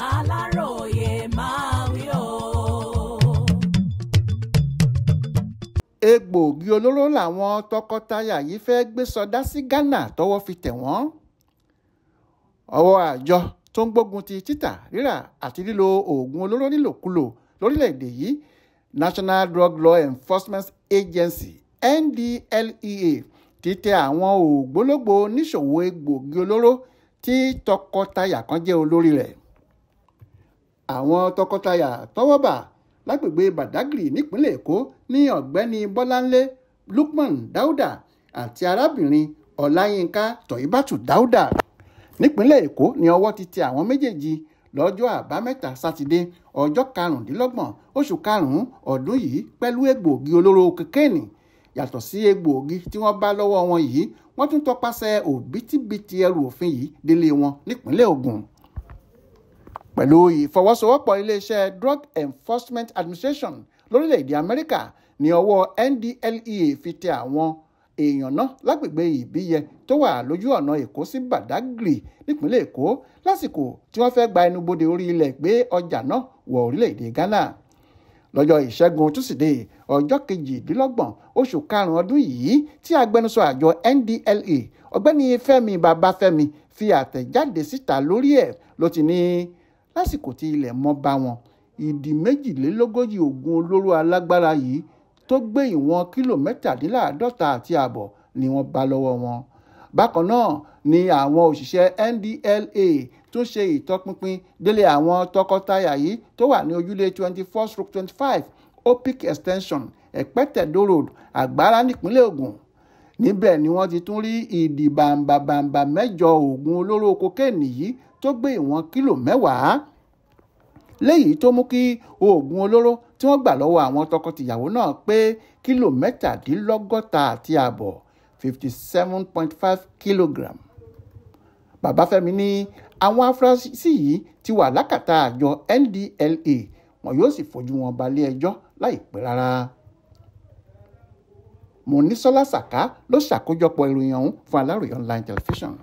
aláròye máa wí o. egbòogi olóró làwọn tọkọtaya yìí fẹ́ẹ́ gbé sọdá sí Ghana tọwọ́ fi tẹ̀ wọ́n ọwọ́ àjọ tó ń gbógun ti títà rírà àti lílo oògùn olóró nílòkulò lórílẹ̀‐èdè yìí National Drug Law Enforcement Agency NDLEA ti tẹ àwọn ògbólógbòó oníṣòwò egbòogi olóró tí tọkọtaya kan jẹ́ olórí rẹ̀ àwọn tọkọtaya tọ́wọ́ bà lágbègbè badagry nípínlẹ̀ èkó ní ọ̀gbẹ́ni bọ́láńlé lukman dáúdà àti arábìnrin ọláyínká tọ̀yìnbàtù dáúdà nípínlẹ̀ èkó ni ọwọ́ ti tẹ àwọn méjèèjì lọ́jọ́ àbámẹ́ta sátidé ọjọ́ karùndínlọ́gbọ̀n oṣù karùn-ún ọdún yìí pẹ̀lú egbòogi olóró kokéènì yàtọ̀ sí egbòogi tí wọ́n bá lọ́wọ́ wọn yìí wọ́n tún tọpasẹ̀ òbítíbitì ẹrù òfin yìí délé wọn nípínlẹ̀ Ògùn pẹ̀lú ìfọwọ́sowọ́pọ̀ iléeṣẹ́ drug enforcement administration lórílẹ̀‐èdè amẹ́ríkà ní ọwọ́ ndlea fi tẹ àwọn èèyàn náà lágbègbè ìbíyẹ tó wà lójú ọ̀nà èkó sí badagry nípínlẹ̀ èkó lásìkò tí wọ́n fẹ́ gba ẹnubodè orí ilẹ̀ gbé ọjà náà wọ orílẹ̀‐èdè ghana lọ́jọ́ ìṣẹ́gun túsídẹ̀ẹ́ ọjọ́ kejìdínlọ́gbọ̀n oṣù karùn-ún ọdún yìí tí agbẹnusọ àjọ ndla e, ọ̀gbẹ́ni fẹ́mi babafẹ́mi fi àtẹ̀jáde síta lórí ẹ̀ ló ti ní lásìkò tí ilẹ̀ mọ́ bá wọn ìdí méjìlélógójì oògùn olóró alágbára yìí tó gbé ìwọ̀n kílò mẹ́tàdínláàádọ́ta àti ààbọ̀ ni wọ́n bá lọ́wọ́ wọn. bákan náà ni àwọn òṣìṣẹ́ NDLA tún ṣe ìtọpinpin délé àwọn tọkọtaya yìí tó wà ní ojúlé twenty four stroke twenty five opic extension ẹ̀pẹ́tẹ̀dó road àgbára nípínlẹ̀ Ògùn níbẹ̀ ni wọ́n ti tún rí ìdì bàǹbàbàǹbà mẹ́jọ oògùn olóró kokéènì yìí tó gbé ìwọ̀n kílò mẹ́wàá léyìí tó mú kí oògùn olóró tí wọ́n gbà lọ́wọ́ àwọn tọkọtìyàwó náà pé kílò mẹ́tàdínlọ́gọ́ta àti ààbọ̀ fifty seven point five kilogram. Babafẹ́mi ní àwọn afurasí yìí ti wà lákàtà àjọ NDLEA wọn yóò sì fojú wọn balẹ̀ ẹjọ́ láìpẹ́ rárá. Monísọ́lá Saka, ló ṣàkójọpọ̀ ìròyìn ọ̀hún fún Aláròyé online television.